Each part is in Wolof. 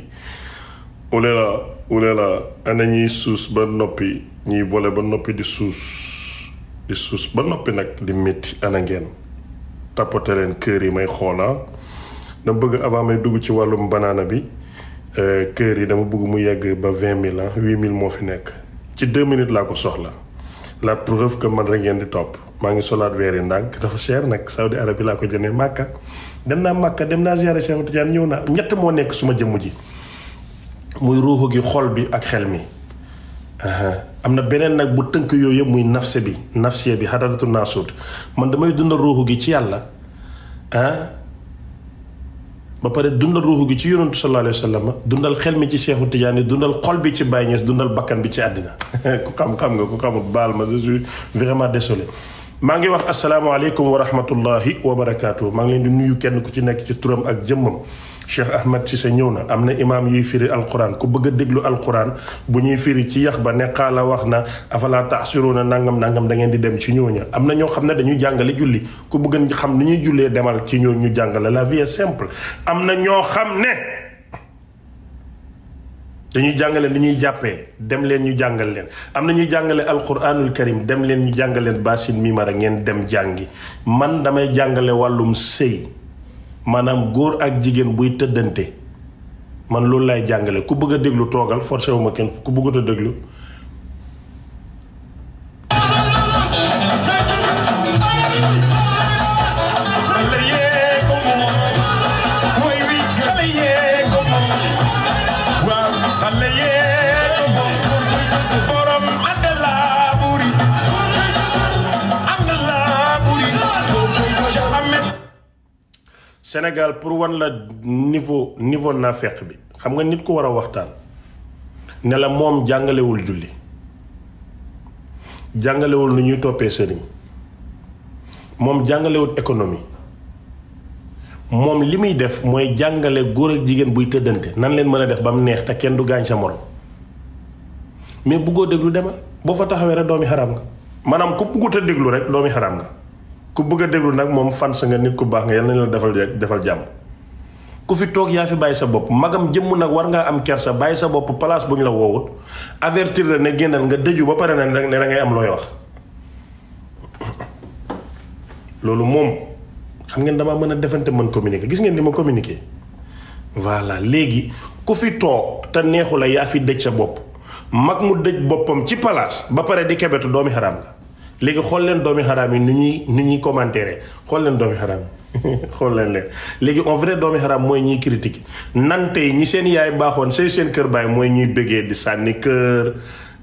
fi la ole la ana ñuy suus ba noppi ñuy boole ba noppi di suus di suus ba noppi nag di métti ana ngeen leen kër yi may xoola ah. dama bëgg avant may dugg ci wàllum banaana bi eh, kër yi dama bëgg mu yegg ba vingt mille ah huit mille moo fi nekk ci deux minutes laa ko soxla la preuve que man rek ngeen di topp maa ngi solaat weer yi ndànk dafa cher nag Saudi Arabie laa ko jëndee Màkka dem naa Màkka dem naa ziare Cheikh ñëw naa ñett moo nekk suma jëmm ji muy ruuxu gi xol bi ak xel mi am na beneen nag bu tënk yooyu yëpp muy nafse bi nafsiya bi xadaratu naasut man damay dundal ruuxu gi ci yàlla ah ba pare dundal ruuxu gi ci yonantu sallallahu alayhi wa dundal xel mi ci seexu tijaan yi dundal xol bi ci Baye Niass dundal bakkan bi ci àddina ku xam-xam nga ku xamut baal ma je suis vraiment désolé maa ngi wax asalaamaaleykum wa rahmatullahi wa barakaatu maa ngi leen di nuyu kenn ku ci nekk ci turam ak jëmmam Cheikh Ahmed sa ñëw na am na imaam yuy firi alquran ku bëgg a déglu alquran bu ñuy firi ci yax ba ne xaala wax na afala taxsiruuna nangam nangam da ngeen di dem ci ñooña am na ñoo xam ne dañuy jàngale julli ku bëgg xam ni ñuy jullee demal ci ñooñu ñu jàngale la vie simple am na ñoo xam ne. te dañuy jàngale ni ñuy jàppee dem leen ñu jàngal leen am na ñuy jàngale alquranul karim dem leen ñu jàngal leen basin ngeen dem jàngi man damay jàngale wàllum sëy maanaam góor ak jigéen buy tëddante man loolu laay jàngale ku bëgg a déglu toogal forcé wu ma kenn ku bëggut a déglu Sénégal pour wan la niveau niveau naafeq bi xam nga nit ku war a waxtaan ne moom jàngalewul julli jàngalewul nu ñuy toppee sëriñ moom jàngalewul économie moom li muy def mooy jàngale góor ak jigéen buy tëddante nan leen mën a def ba mu neex te kenn du gaañ sa morom mais buggoo déglu demal boo fa taxawee rek doomi xaram nga maanaam ku buggut déglu rek doomi xaraam nga ku bëgg a déglu nag moom fan nga nit ku baax nga yal nañu la defal defal jàmm ku fi toog yaa fi bàyyi sa bopp magam jëmm nag war ngaa am kersa bàyyi sa bopp place bu ñu la woowut avertir la ne génnal nga dëju ba pare ne ne da ngay am looy wax. loolu moom xam ngeen damaa mën a defante mën communiquer gis ngeen ni ma communiquer voilà léegi ku fi toog te neexu la fi dëj sa bopp mag mu dëj boppam ci place ba pare di kebetu doomi xaraam la léegi xool leen doomi xaraam yi ni ñuy ni ñuy commentaire xool leen doomi xaraam yi xool leen leen léegi en vrai doomi xaraam mooy ñuy critique nante yi ñi seen yaay baaxoon seen seen kër baay mooy ñuy bëggee di sànni kër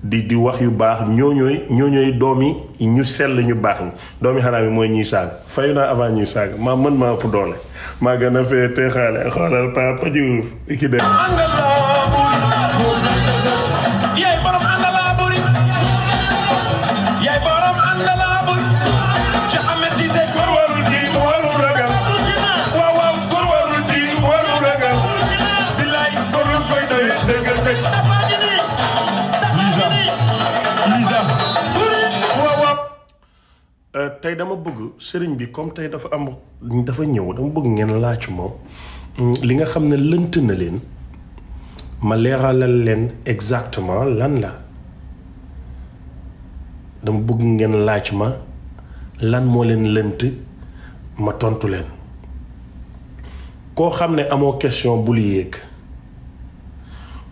di di wax yu baax ñooñooy ñooñooy doomi ñu sell ñu baax ñi doomi xaraam yi mooy ñuy saaga fayu naa avant ñuy saaga maa mën maa ëpp doole maa gën a fee te xaale xoolal Papa Diouf ki tey dama bëgg sëriñ bi comme tey dafa am dafa ñëw dama bëgg ngeen laaj moom mm, li nga xam ne lënt na leen ma leeralal leen exactement lan la dama bëgg ngeen laaj ma lan moo leen lënt ma tontu leen koo xam ne amoo question bul yéeg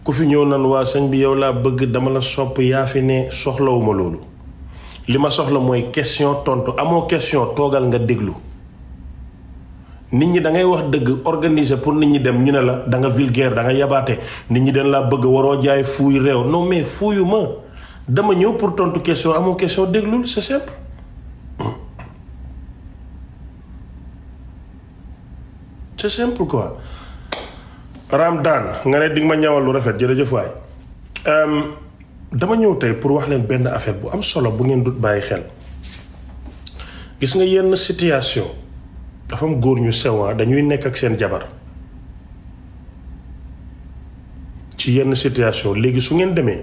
ku fi ñëw nan waa sëñ bi yow laa bëgg dama la sopp yaa fi ne soxlawuma loolu li ma soxla mooy question tontu amoo question toogal nga déglu nit ñi da ngay wax dëgg organiser pour nit ñi dem ñu ne la danga nga vulgaire da nit ñi dañ laa bëgg waroo jaay fuuy réew non mais fuuyu ma dama ñëw pour tontu question amoo question déglul c'est simple. c'est simple quoi. Ramdan nga ne di nga ma ñawal lu rafet jërëjëf waay. Euh, dama ñëw tey pour wax leen benn affaire bu am solo bu ngeen dut bàyyi xel gis nga yenn situation dafam góor ñu sewaa ah, dañuy nekk ak seen jabar ci yenn situation léegi su ngeen demee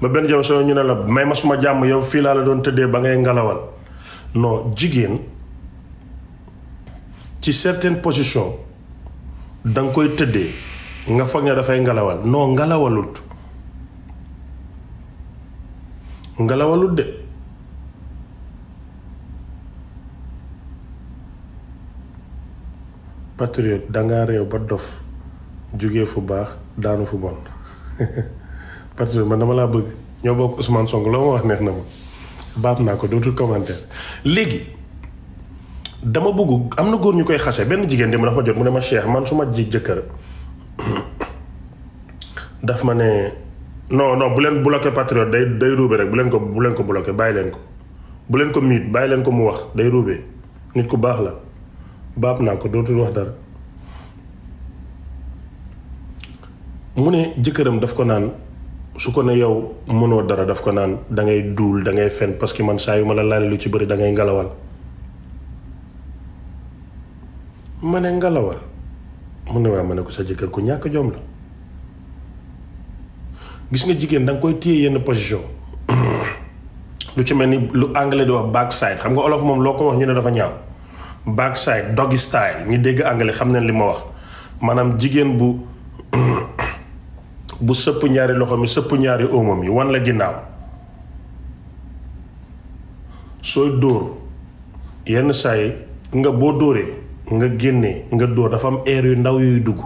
ba benn jabar soo ñu ne la may ma suma jàmm yow fii laa la doon tëddee ba ngay ngelawal noo jigéen ci certaines positions danga koy tëddee nga foog ne dafay ngelawal noo ngelawalut ngelawalut de patriote danga réew ba dof jóge fu baax daanu fu bon patriote man dama laa bëgg ñoo bokk Ousmane Sonko loo ma wax neex na ma baab naa ko dootul commentaire léegi dama bëgg am na góor ñu koy xase benn jigéen dem dafa ma jot mu ne ma Cheikh man suma ma ji jëkkër daf ma ne noo non bu leen bloqué patriote day day ruube rek bu ko buleen ko bloqué bàyyi leen ko bu leen ko miit bàyyi leen ko mu wax day ruube nit ku baax la baab naa ko dootul wax dara mu ne jëkkëram daf ko naan su ko ne yow mënoo dara daf ko naan dangay duul dangay fen parce que man saa yu ma la laale lu ci bari dangay ngalawal ma ne ngalawal mu ne waaye ma ne ko sa jëkkër ku ñàkk jom la gis nga jigéen danga koy téye yenn position lu ci mel ni lu anglais di wax backside xam nga olof moom loo ko wax ñu ne dafa ñaaw backside doggy style ñu dégg anglais xam ne li ma wax maanaam jigéen bu bu sëpp ñaari loxo mi sëpp ñaari omo mi wan la ginnaaw sooy dóor yenn saa yi nga boo dóoree nga génnee nga dóor dafa am air yu ndaw yuy dugg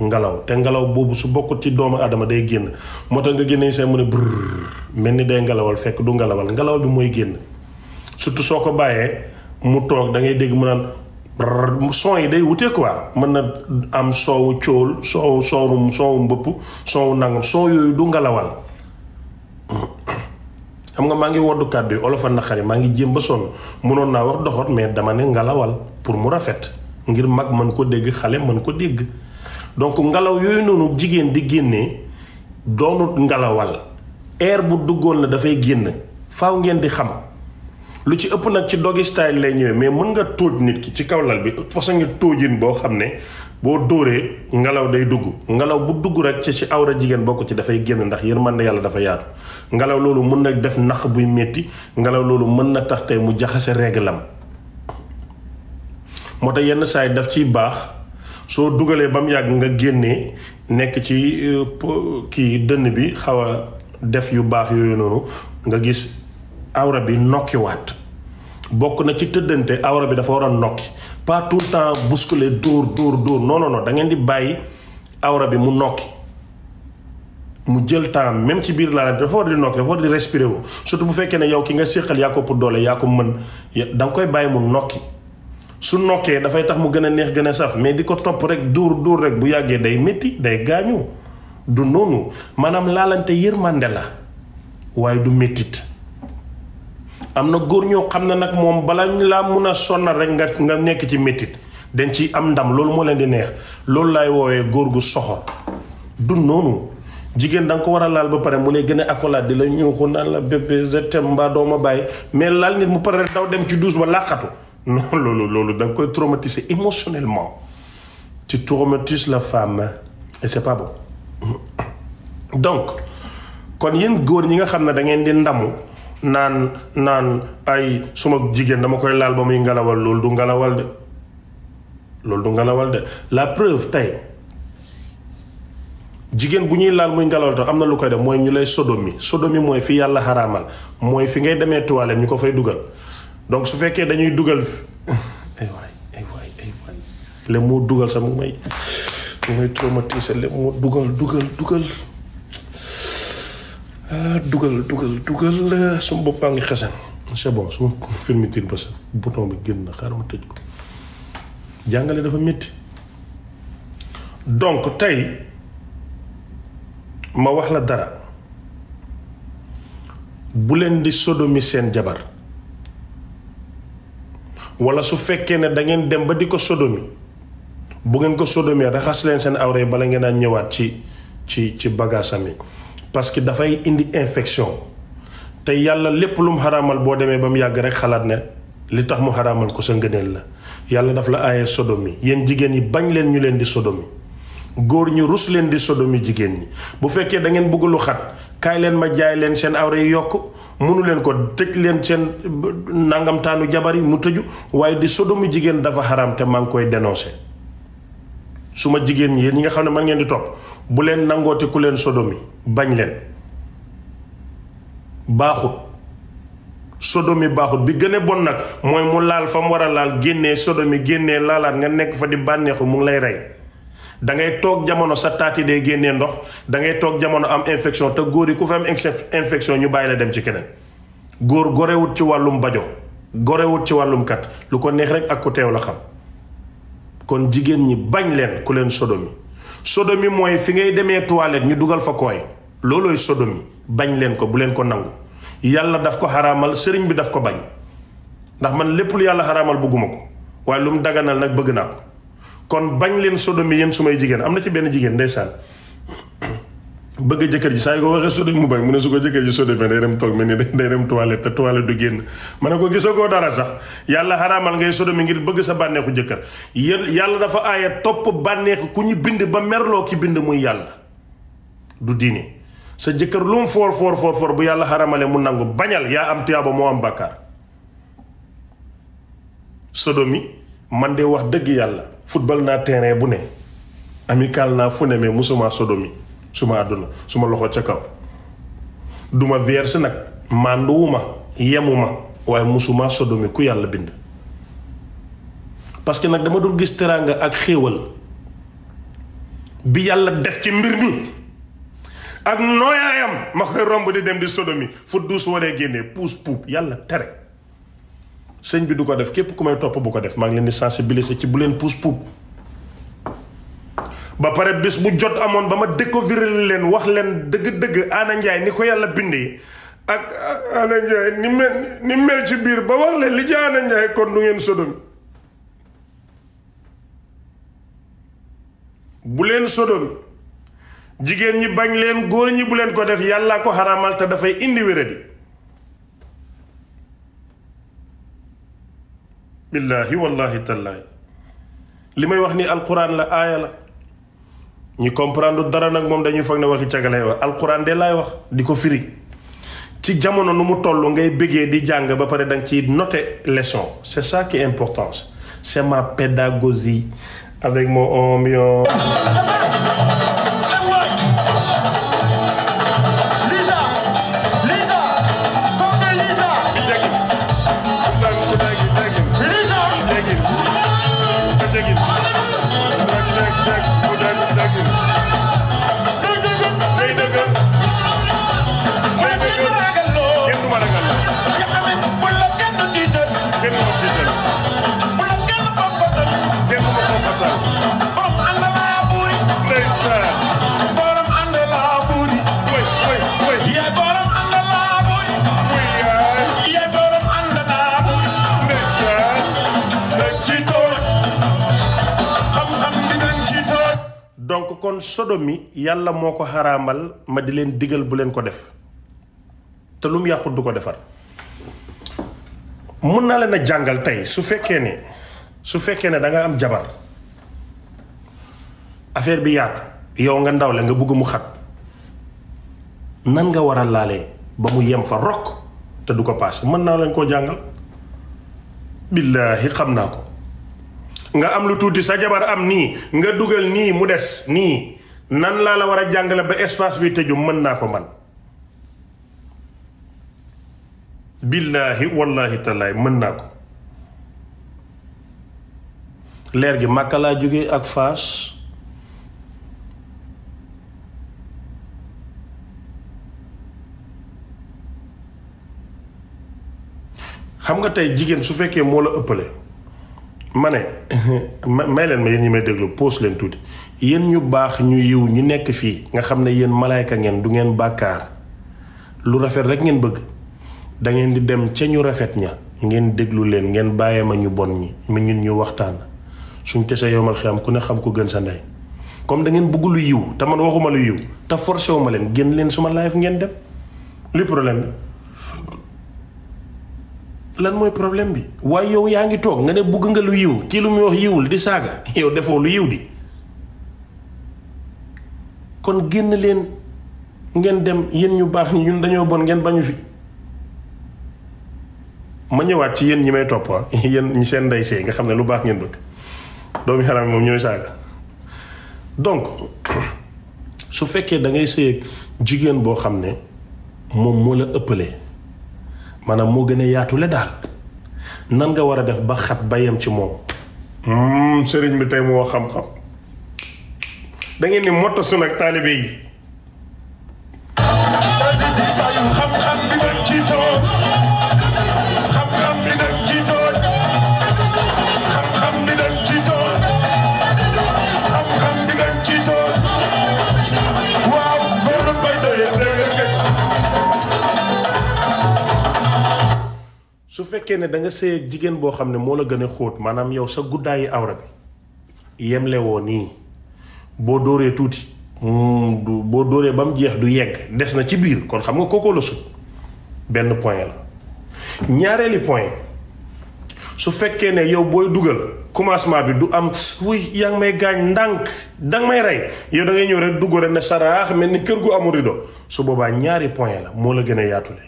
ngelaw te ngelaw boobu su bokkut ci doomu aadama day génn moo tax nga génne seen mu ne brrr mel ni day ngelawal fekk du ngelawal ngelaw bi mooy génn surtout soo ko bàyyee mu toog da ngay dégg mu naan son yi day wutee quoi mën na am soowu cóol soowu soowu soowu mbëpp soowu nangam du ngelawal xam nga maa ngi woddu kàddu yi olofa naqari maa ngi jéem ba sonn mënoon naa wax doxot mais dama ne ngelawal pour mu rafet ngir mag mën ko dégg xale mën ko dégg donc ngelaw yooyu noonu jigéen di génnee doonut ngelawal air bu duggoon la dafay génn faw ngeen di xam lu ci ëpp nag ci doggy style lay ñëwee mais mën nga tóoj nit ki ci kaw lal bi façon nga tóojin boo xam ne boo dóoree ngelaw day dugg ngelaw bu dugg rek ci ci awra jigéen bokk ci dafay génn ndax na yàlla dafa yaatu ngelaw loolu mën na def nax buy métti ngelaw loolu mën na tax tey mu jaxase réglam moo tax yenn saa yi daf ciy baax soo dugalee ba mu yàgg nga génnee nekk ci euh, kii dënn bi xaw def yu baax yooyu noonu nga gis awra bi nokki nokkiwaat bokk na ci tëddante awra bi dafa war a nokki pas tout le temps bousculer dóor dóor dóor non non non da ngeen di bàyyi awra bi mu nokki mu jël temps même ci biir laalante dafa war di nokki dafa war di respirer wu surtout bu fekkee ne yow ki nga séqal yaa ko pour doole yaa ko mën da nga koy bàyyi mu nokki su nokkee dafay tax mu gën a neex gën a saf mais di ko topp rek duur duur rek bu yàggee day métti day gaañu du noonu maanaam laalante yërmande la waaye du méttit am na góor ñoo xam ne nag moom bala laa mun a sonnal rek nga nga nekk ci méttit dañ ci am ndam loolu moo leen di neex loolu laay woowee góor gu soxor du noonu jigéen da nga a laal ba pare mu lay gën a accolade di la ñëw ko naan la bébé je t'aime mbaa doo bàyyi mais laal nit mu pare daw dem ci duus ba làqatu non loolu danga koy traumatiser émotionnellement tu traumatises la femme et c'est pas bon donc kon yéen góor ñi nga xam ne dangeen di ndamu naan naan ay suma jigéen dama koy laal ba muy ngelawal loolu du ngalawal de loolu la preuve tey jigéen bu ñuy laal muy ngalawal te am na lu koy def mooy ñu lay sodomi sodomi mooy fi yàlla xaramal mooy fi ngay demee toilette ñu ko fay dugal. donc su fekkee dañuy dugal ay moo dugal sax mu may mu may moo dugal dugal dugal ah, dugal dugal dugal ah, suma bopp a ngi xesen c'est bon suma fermeture ba sa bouton bi génn xaaral ma tëj ko jàngale dafa metti donc tey ma wax la dara bu leen di sodomi seen jabar wala su fekkee ne da ngeen dem ba di ko sodomi bu ngeen ko sodomee raxas leen seen awra bala ngeen ñëwaat ci ci ci bagaasam yi parce que dafay indi infection te yàlla lépp lu mu xaraamal boo demee ba mu yàgg rek xalaat ne li tax mu xaraamal ko sa ngëneel la yàlla daf la aaye sodomi yéen jigéen yi bañ leen ñu leen di sodomi góor ñi rus leen di sodomi jigéen ñi bu fekkee da ngeen bëgg lu xat kaay leen ma jaay leen seen awra yi yokk mënu leen ko tëj leen seen nangamtaanu jabar yi mu tëju waaye di sodomu jigéen dafa xaraam te maa ngi koy dénoncé su ma jigéen ñi ñi nga xam ne man ngeen di topp bu leen nangooti ku leen sodomi bañ leen baaxut sodomi baaxut bi gën a bon nag mooy mu laal fa mu war a laal génnee sodomi génnee laalaat nga nekk fa di bànneexu mu ngi lay rey dangay toog jamono sa taati day génnee ndox da ngay toog jamono am infection te góor yi ku fi am infection ñu bàyyi la dem ci keneen góor gorewut ci wàllum bajo gorewut ci wàllum kat lu ko neex rek ak ku teew la xam kon jigéen ñi bañ leen ku leen sodomi sodomi mooy fi ngay demee toilette ñu dugal fa kooy loolooy sodomi bañ leen ko bu leen ko nangu yàlla daf ko xaraamal sëriñ bi daf ko bañ ndax man lépp lu yàlla xaraamal bëgguma ko waaye lu daganal nag bëgg naa kon bañ leen sodomi yéen su may jigéen am na ci benn jigéen ndeysaan bëgg jëkkër ji saa yu ko waxee sodomi mu bañ mu ne su ko jëkkër ji sodomi day dem toog mel ni day te toilette du génn ma ne ko gisoo koo dara sax yàlla xaraamal ngay sodomi ngir bëgg sa bànneexu jëkkër yàlla dafa aaya topp bànneex ku ñu bind ba merloo ki bind muy yàlla du diine sa jëkkër lu mu foor foor foor bu yàlla xaraamalee mu nangu bañal yaa am tiyaaba moo am bàkkaar sodomi man de wax dëgg yàlla football naa terrain bu ne amical naa fu ne mais musuma sodomi suma àdduna suma loxo ca kaw duma verse nag mànduwuma yemuma waaye musuma sodomi ku yàlla bind parce que nag dama dul gis teraanga ak xéewal bi yàlla def ci mbir mi ak nooyaayam ma koy romb di dem di sodomi fu duus waree génnee puus puub yàlla tere sëñ bi du ko def képp ku may topp bu ko def maa leen di sensibiliser ci bu leen puus puub ba pare bis bu jot amoon ba ma découvrir leen wax leen dëgg-dëgg Anna Ndiaye ni ko yàlla bindee ak Anna Ndiaye mel ni mel ci biir ba wax leen li ci Anna Ndiaye kon du ngeen sodomi bu leen sodomi jigéen ñi bañ leen góor ñi bu leen ko def yàlla ko xaraamal te dafay indi wéradi billaahi wallaahi tallaahi li may wax ni alquran la aaya la ñi comprendre dara nag moom dañuy foog ne waxi caga lay wax alquran de laay wax di ko firi ci jamono nu mu toll ngay bëggee di jàng ba pare danga ci noter leçon c'est ça qui est important c'est ma pédagogie avec mon ambiance mi yàlla moo ko xaraamal ma di leen digal bu leen ko def te lu mu yàqut du ko defar mun naa leen a jàngal tey su fekkee ne su fekkee ne danga am jabar affaire bi yaatu yow nga ndaw la nga bëgg mu xat nan nga war a laalee ba mu yem fa rokk te du ko paase mën naa leen koo jàngal billaahi xam naa ko nga am lu tuuti sa jabar am nii nga dugal nii mu des nii nan laa la war a jàngale ba espace bi tëju mën naa ko man billaahi wallaahi tallaay mën naa ko leer gi màkka laa jóge ak faas xam nga tey jigéen su fekkee moo la ëppale ma ne may leen ma yéen ñi may déglu pause leen tuuti yéen ñu baax ñu yiw ñu nekk fii nga xam ne yéen malaayka ngeen du ngeen bàkkaar lu rafet rek ngeen bëgg da ngeen di dem ca ñu rafet ña ngeen déglu leen ngeen bàyyee ma ñu bon ñi mu ñun ñu waxtaan suñ tesee yomal xiyam ku ne xam ko gën sa ndey comme da ngeen bëgg lu yiw te man waxuma lu yiw te forcé wu ma leen génn leen suma live ngeen dem luy problème bi lan mooy problème bi waaye yow yaa ngi toog nga ne bëgg nga lu yiw kii lu muy wax yiwul di saaga yow defoo lu yiw di kon génn leen ngeen dem yéen ñu baax ñi dañoo bon ngeen bañu fi ma ñëwaat ci yéen ñi may topp ah, yéen ñi seen ndey seey nga xam ne lu baax ngeen bëgg doomi xaraam moom ñooy saaga donc su fekkee da ngay sëy jigéen boo xam ne moom moo la ëppale maanaam moo gën a yaatule daal nan nga war a def ba xat ba ci moom hmm, sëriñ bi tey moo xam-xam dangeen ngeen ni motta su nag yi xam-xam bi nag ci xam-xam bi nag ci toog xam-xam bi nag ci toog xam-xam su fekkee ne danga nga jigéen boo xam ne moo la gën a xóot maanaam yow sa guddaayi awra bi yemle nii boo dóoree tuuti hmm, boo dóoree ba mu jeex du yegg des na ci biir kon xam nga kookoo la sut benn point la ñaareeli point su fekkee ne yow booy dugal commencement bi du am wuy yaa may gaañ ndànk danga may rey yow da ngay ñëw rek dugg rek ne mel ni kër gu amul rido su boobaa ñaari point la moo la gën a yaatule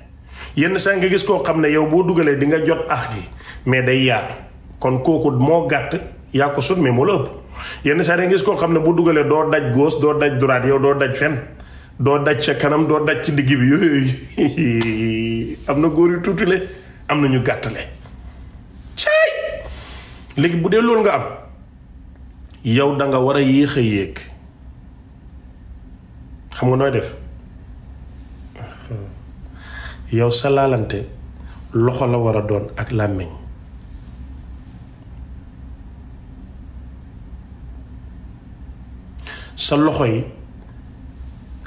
yenn saa nga gis koo xam ne yow boo dugalee dinga jot ax gi mais day yaatu kon kooku moo gàtt yaa ko sut mais moo la ëpp yenn saa yi nga gis koo xam ne bu dugalee doo daj gauche doo daj droite yow doo daj fenn doo daj sa kanam doo daj ci digg bi yooyu am na góor yu tuutile am na ñu gàttale caay léegi bu dee loolu nga am yow danga war a yéex a yéeg xam nga nooy def yow sa laalante loxo la war a doon ak làmmiñ sa loxo yi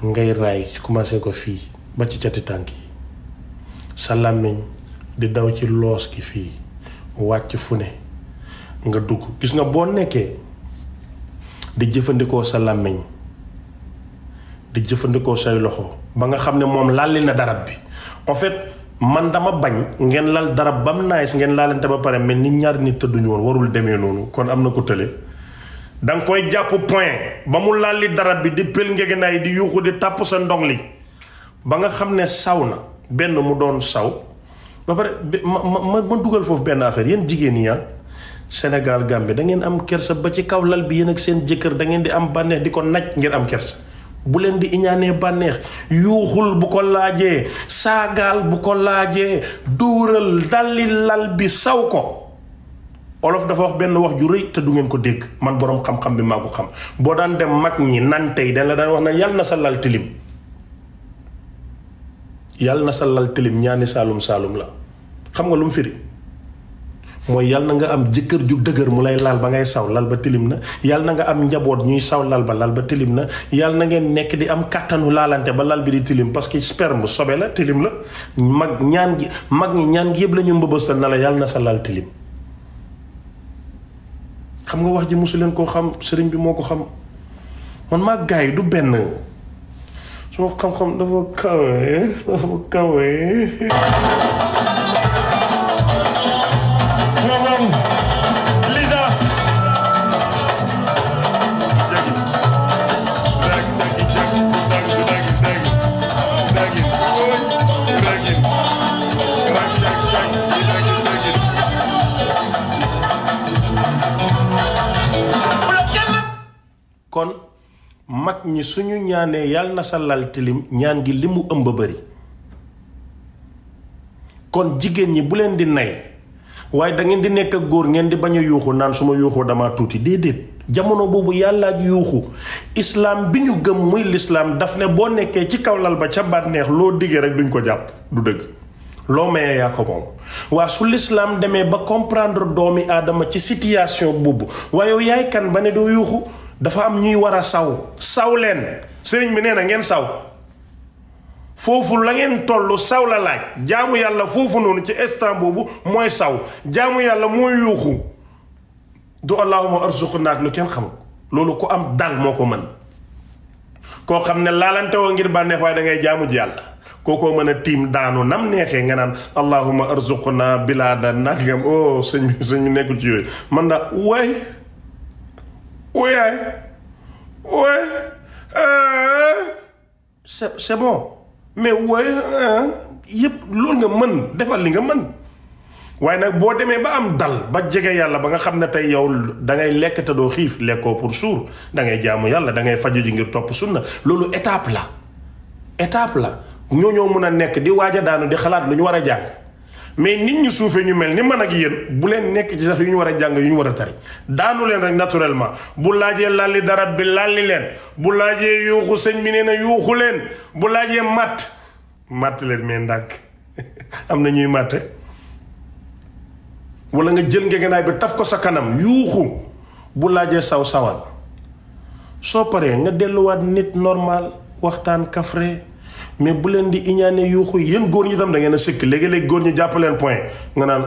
ngay raay commencé ko fii ba ci cati tànk yi sa làmmiñ di daw ci loos gi fii wàcc fu ne nga dugg gis nga boo nekkee di jëfandikoo sa làmmiñ di jëfandikoo say loxo ba nga xam ne moom lalli na darab bi en fait man dama bañ ngeen lal darab bam naay ngeen laalante ba pare mel ni ñaar nit tëdduñu woon warul demee noonu kon am na ko tële da nga koy jàpp point ba mu lalli dara bi di pël ngegenaay di yuuxu di tàpp sa ndong li ba nga xam ne saw na benn mu doon saw ba pare ma ma dugal foofu benn affaire yéen jigéen ya ah, Sénégal Gambie da ngeen am kersa ba ci kaw lal bi yéen ak seen jëkkër da ngeen di am bànneex di ko naj ngir am kersa bu leen di iñaanee bànneex yuuxul bu ko laajee saagaal bu ko laajee dóoral dalli lal bi saw ko olof dafa wax benn wax ju rëy te du ngeen ko dégg man borom xam-xam bi maa ko xam boo daan dem mag ñi nan tey dañ la daan wax naan yàlla na sa lal na sa lal tilim saalum saalum la xam nga lu mu firi mooy yàlla na nga am jëkkër ju dëgër mu lay laal ba ngay saw lal ba tilim na yàlla na nga am njaboot ñuy saw lal ba lal ba tilim na yàlla na ngeen nekk di am kàttanu laalante ba lal bi di tilim parce que sperme sobe la tilim la mag ñaan gi mag ñi ñaan gi yëpp la ñu mbëbëstal na la yàlla na sa lal tilim xam nga wax ji mosu leen koo xam sëriñ bi moo ko xam man maa gars yi du benn suma xam-xam dafa kawe dafa kawe mag ñi suñu ñaanee yàlla na sa lal tilim ñaan gi li mu ëmb bëri kon jigéen ñi bu leen di nay waaye dangeen di nekk ak góor ngeen di bañ a yuuxu naan suma ma yuuxoo dama tuuti déedéet jamono boobu yàlla yuuxu islaam bi ñu gëm muy lislaam daf ne boo nekkee ci kaw lal ba ca bànneex loo diggee rek duñ ko jàpp du dëgg loo mayee yaa ko moom waa su lislaam demee ba comprendre doomi aadama ci situation boobu waaye yaay kan ba ne doo yuuxu dafa am ñuy war a saw saw leen sëriñ bi nee na ngeen saw foofu la ngeen toll saw la laaj jaamu yàlla foofu noonu ci instant boobu mooy saw jaamu yàlla mooy yuuxu du allahuma arzuq naag lu kenn xamul loolu ku am dal moo ko mën koo xam ne laalante woo ngir bànneex waaye da ngay jaamu ji yàlla koo kookoo mën a tiim daanu nam neexee nga naan allahuma arzuq naa bilaa da nangam oh sëñ sëñ nekkul ci yooyu man na waay Ouais. Ouais. Euh. c'est bon. mais ouais yëpp loolu nga mën defal li nga mën. waaye nag boo demee ba am dal ba jege yàlla ba nga xam ne tey yow da ngay lekk te doo xiif lekkoo pour suur da ngay jaamu yàlla da ngay faju ji ngir topp na loolu étape la étape la ñoo ñoo mun a nekk di waaj a daanu di xalaat lu ñu war a jàng. mais nit ñu suufee ñu mel ni man ak yéen bu leen nekk ci sax yu ñu war a jàng yu ñu war a tari daanu leen rek naturellement bu laajee lalli dara bi lalli leen bu laajee yuuxu sëñ bi nee na yuuxu leen bu laajee màtt matt leen mais ndànk am na ñuy màtte wala nga jël ngegenaay bi taf ko sa kanam yuuxu bu laajee saw sawal soo paree nga delluwaat nit normal waxtaan kafre mais bu leen di iñaane yuuxu yéen góor ñi tam da ngeen a sëkk léegi-léegi góor ñi jàppaleen leen point nga naan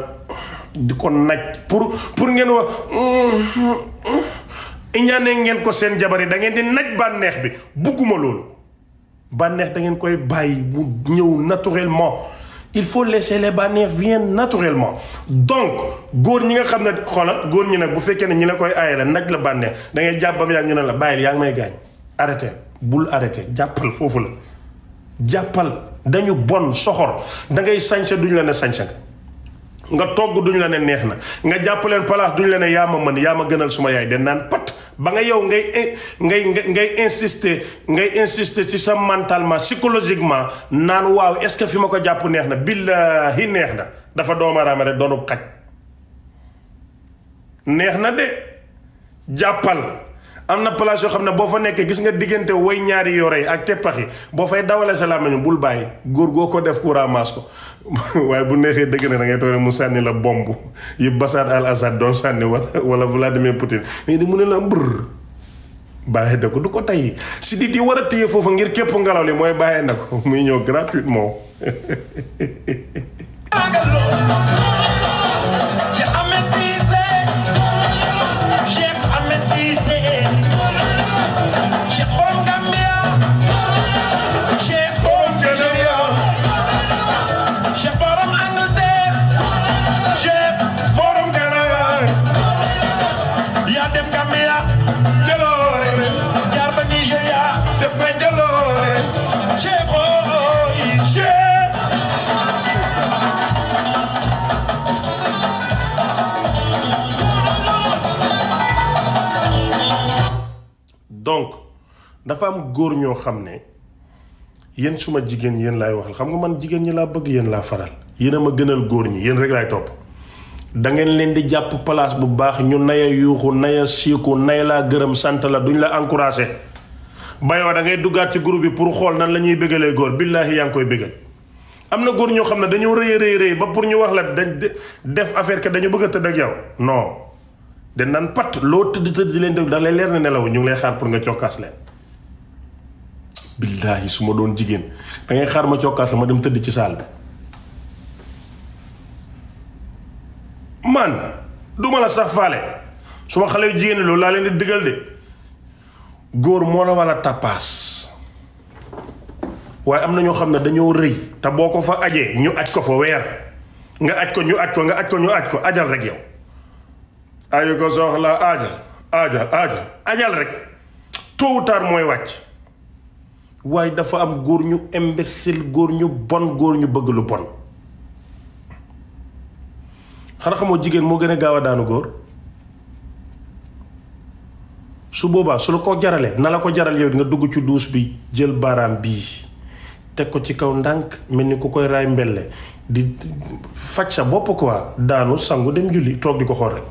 di ko naj pour pour ngeen wax mm-hmm. iñaane ngeen ko seen jabar yi da ngeen di naj bànneex bi bugguma loolu bànneex da ngeen koy bàyyi bu ñëw naturellement il faut laisser les bànneex viennent naturellement donc góor ñi nga xam ne xoolal góor ñi nag bu fekkee ne ñi la koy aaye la naj la bànneex da ngay jàpp ba mu ne la bàyyi yaa ngi may gaañ arrêté bul arrêté jàppal foofu la jàppal dañu bon soxor da ngay sañse duñu la ne sañse nga nga togg duñ la ne neex na nga jàpp leen palaas duñ la ne yaa ma mën yaa ma gënal suma yaay de naan pat ba nga yow ngay ngay ngay insister ngay insister ci sa mentalement psychologiquement naan waaw est-ce fi ma ko jàpp neex na billaahi neex na dafa doomaraame rek doonub xaj neex na de jàppal am na place yoo xam ne boo fa nekkee gis nga diggante woy ñaari yore yi ak teppax boo fay dawale sa làmmiñ bul bàyyi góor goo ko def kuramaas ko waaye bu neexee dëgg na da ngay toog mu sànni la bomb yi Bashar al-Assad doon sànni wala laa demee Poutine mais di mu ne la mbër bàyyi da ko du ko tey si dit yi war a téye foofu ngir képp ngelaw li mooy bàyyi nag ko muy ñëw gratuitement. Gambia donc dafa am góor ñoo xam ne yéen suma jigéen yéen laay waxal xam nga man jigéen ñi laa bëgg yéen laa faral yéen ma gënal góor ñi yéen rek laay topp da ngeen leen di jàpp place bu baax ñu naya yuuxu naya siiku nay laa gërëm sant la duñ la encouragé bayoo da ngay duggaat ci groupe bi pour xool nan la ñuy bégalee góor billaahi yaa ngi koy bégal am na góor ñoo xam ne dañoo rëy rëy rëy ba pour ñu wax la dañ def affaire que dañu bëgg a tëdd ak yow non de nan pat loo tëdd tëdd di leen def da lay leer na nelaw ñu ngi lay xaar pour nga cokkaas leen billaahi su ma doon jigéen da xaar ma cokkaas la dem tëdd ci saal bi man duma la sax faale su ma xale yu jigéen loolu laa leen di digal de góor moo la war a tappaas waaye am na ñoo xam ne dañoo rëy te boo ko fa ajee ñu aj ko fa weer nga aj ko ñu aj ko ñu aj ko ajal rek yow ayu ko soxla ajal ajal ajal ajal rek tôt ou tard mooy wàcc waaye dafa am góor ñu imbécile góor ñu bon góor ñu bëgg lu bon xanaa xamoo jigéen moo gën a gaaw a daanu góor su boobaa su la ko jaralee na la ko jaral yow nga dugg ci duus bi jël baaraam bii teg ko ci kaw ndànk mel ni ku koy raay mbelle di faj sa bopp quoi daanu sangu dem julli toog di ko xool rek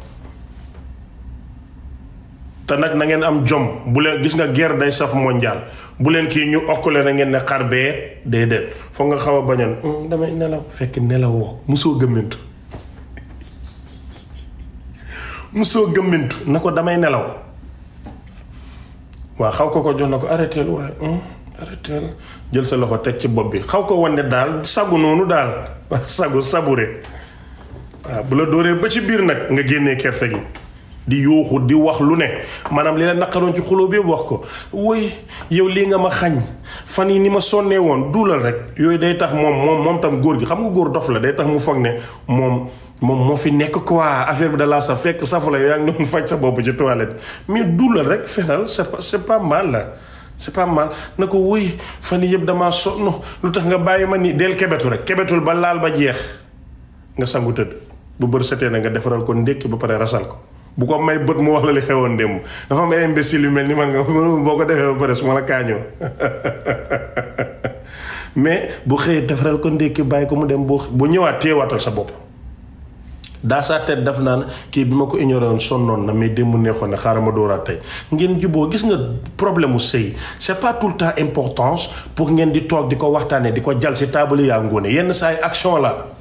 te nag na ngeen am jom bu leen gis nga ger day saf mondial bu leen kii ñu okkule na ngeen ne xar bee day dem foog nga xaw a bañoon hmm, damay nelaw fekk nelawoo musoo gëmmentu mosoo gëmmintu na ko damay nelaw waa xaw ko ko jox na ko arrêteel waaye hmm, arrêteel jël sa loxo teg ci bopp bi xaw ko wane daal sagu noonu daal sagu sabure waaw bu la dooree ba ci biir nag nga génne kerse gi di yuuxu di wax lu ne maanaam li la naqaroon ci xuloo bi wax ko woy yow lii nga ma xañ fan yi ni ma sonnee woon duulal rek yooyu day tax moom moom moom tam góor gi xam nga góor dof la day tax mu foog ne moom moom moo fi nekk quoi affaire bi da laa sa fekk safu la yow yaa faj sa bopp ci toilette mais duulal rek fenal c'est la c'est na ko woy fan yi yëpp damaa sonn lu tax nga bàyyi ma ni del kebetu rek kebetul ba laal ba jeex nga sangu tëdd bu bër setee na nga defaral ko ndékki ba pare rasal ko bu ko may bët mu wax la li xewoon démb dafa am ay imbécile mel ni man nga boo ko defee ba pare su ma la kaañoo mais bu xëyee defaral ko ndékki bàyyi ko mu dem boo bu ñëwaat téewaatal sa bopp daa sa tête daf naan kii bi ma ko ignoré woon noon na mais démb neexoon na xaaral ma dooraat tey ngeen juboo gis nga problème mu sëy c'est pas tout le temps importance pour ngeen di toog di ko waxtaanee di ko jal si taabali yaa ngoone yenn saa ay action la